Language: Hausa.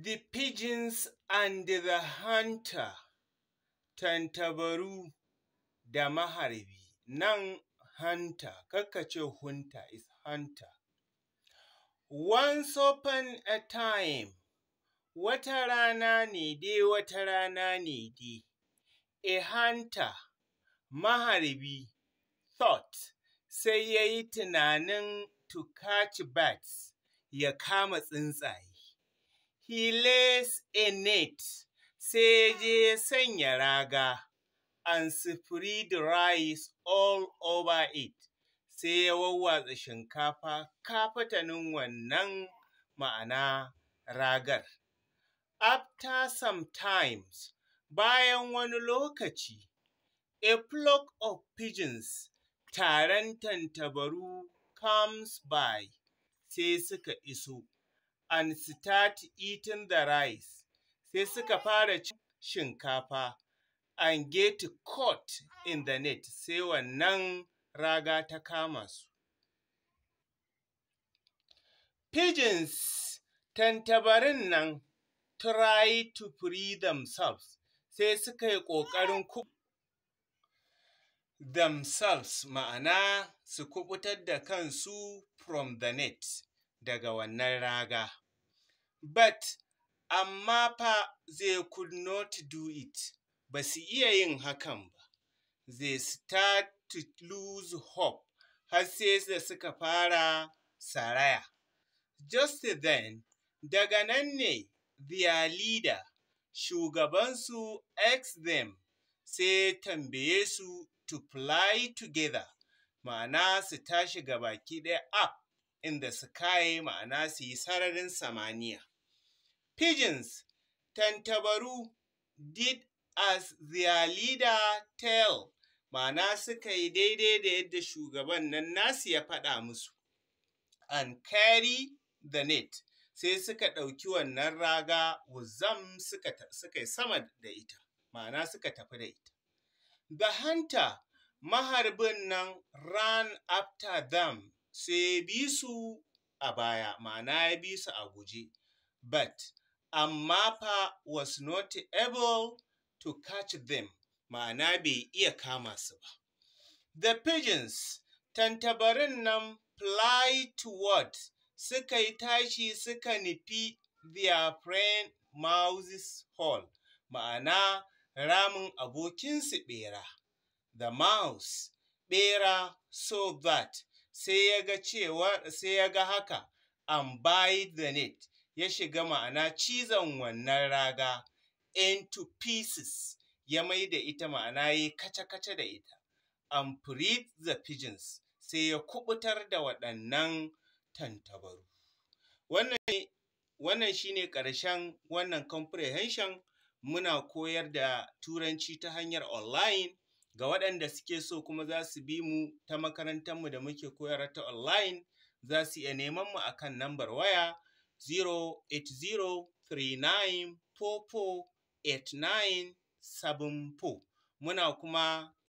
The Pigeons and the Hunter, Tantabaru da Maharbi, nan Hunter, kakace Hunter is Hunter. Once upon a time, wata rana ne dai wata rana ne dai, a hunter, maharbi, thought, sai ya yi tunanin to catch bats, ya kama tsuntsaye. He lays a net, sai je sanya raga, and spread rice all over it, sai ya wawwatsa shinkafa kafatanin wannan ma'ana ragar. After some times, bayan wani lokaci, a flock of pigeons, taron tantabaru comes by, sai suka iso. and start eating the rice. Sai suka fara cin shinkafa and get caught in the net. Sai wannan raga ta kama su. Pigeons tantabarin nan try to free themselves. Sai suka yi ƙoƙarin ku themselves ma'ana su kubutar da kansu from the net. daga wannan raga. But, amma fa they could not do it, ba su iya yin hakan ba. They start to lose hope, har sai da suka fara saraya. Just then, daga nan ne their leader, shugabansu ex them, sai tambaye su to fly together, ma'ana su tashi gabaki ɗaya up. in the sky ma'ana su yi sararin samaniya. Pigeons, tantabaru, did as their leader tell, ma'ana suka yi daidai da yadda shugaban nan nasu ya faɗa musu. And carry the net, sai suka ɗauki wannan raga wuzam suka yi sama da ita, ma'ana suka tafi da ita. The hunter, maharbin nan ran after them sai bi su a baya ma'ana ya bi su a guje but amma fa was not able to catch them ma'ana bai iya kama su ba the pigeons tantabarin nan fly toward suka yi tashi suka nufi their friend Moses Hall, ma'ana ramin abokinsu bera, The mouse, bera so that sai ya ga cewa sai ya ga haka and by the net ya shiga ma'ana cizon wannan raga into pieces ya mai da ita ma'ana ya kace-kace da ita and freed the pigeons sai ya kubutar da waɗannan tantabaru wannan wannan shine ƙarshen wannan comprehension muna koyar da turanci ta hanyar online ga waɗanda suke so kuma za su bi mu ta makarantarmu da muke koyar ta online za su iya neman mu akan nambar waya 08039448974 muna kuma